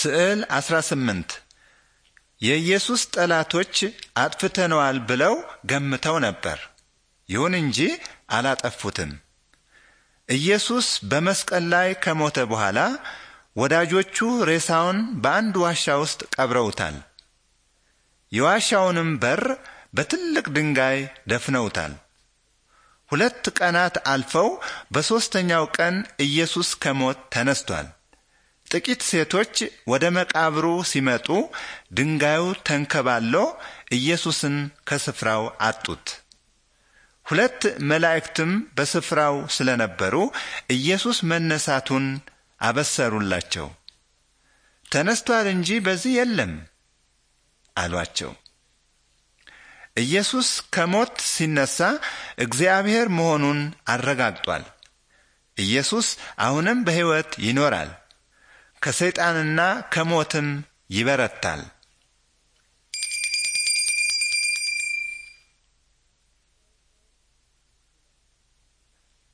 ስዕል 18 የኢየሱስ ጠላቶች አጥፍተነዋል ብለው ገምተው ነበር። ይሁን እንጂ አላጠፉትም። ኢየሱስ በመስቀል ላይ ከሞተ በኋላ ወዳጆቹ ሬሳውን በአንድ ዋሻ ውስጥ ቀብረውታል። የዋሻውንም በር በትልቅ ድንጋይ ደፍነውታል። ሁለት ቀናት አልፈው በሦስተኛው ቀን ኢየሱስ ከሞት ተነስቷል። ጥቂት ሴቶች ወደ መቃብሩ ሲመጡ ድንጋዩ ተንከባሎ ኢየሱስን ከስፍራው አጡት። ሁለት መላእክትም በስፍራው ስለነበሩ ኢየሱስ መነሳቱን አበሰሩላቸው። ተነስቷል እንጂ በዚህ የለም አሏቸው። ኢየሱስ ከሞት ሲነሳ እግዚአብሔር መሆኑን አረጋግጧል። ኢየሱስ አሁንም በሕይወት ይኖራል። ከሰይጣንና ከሞትም ይበረታል።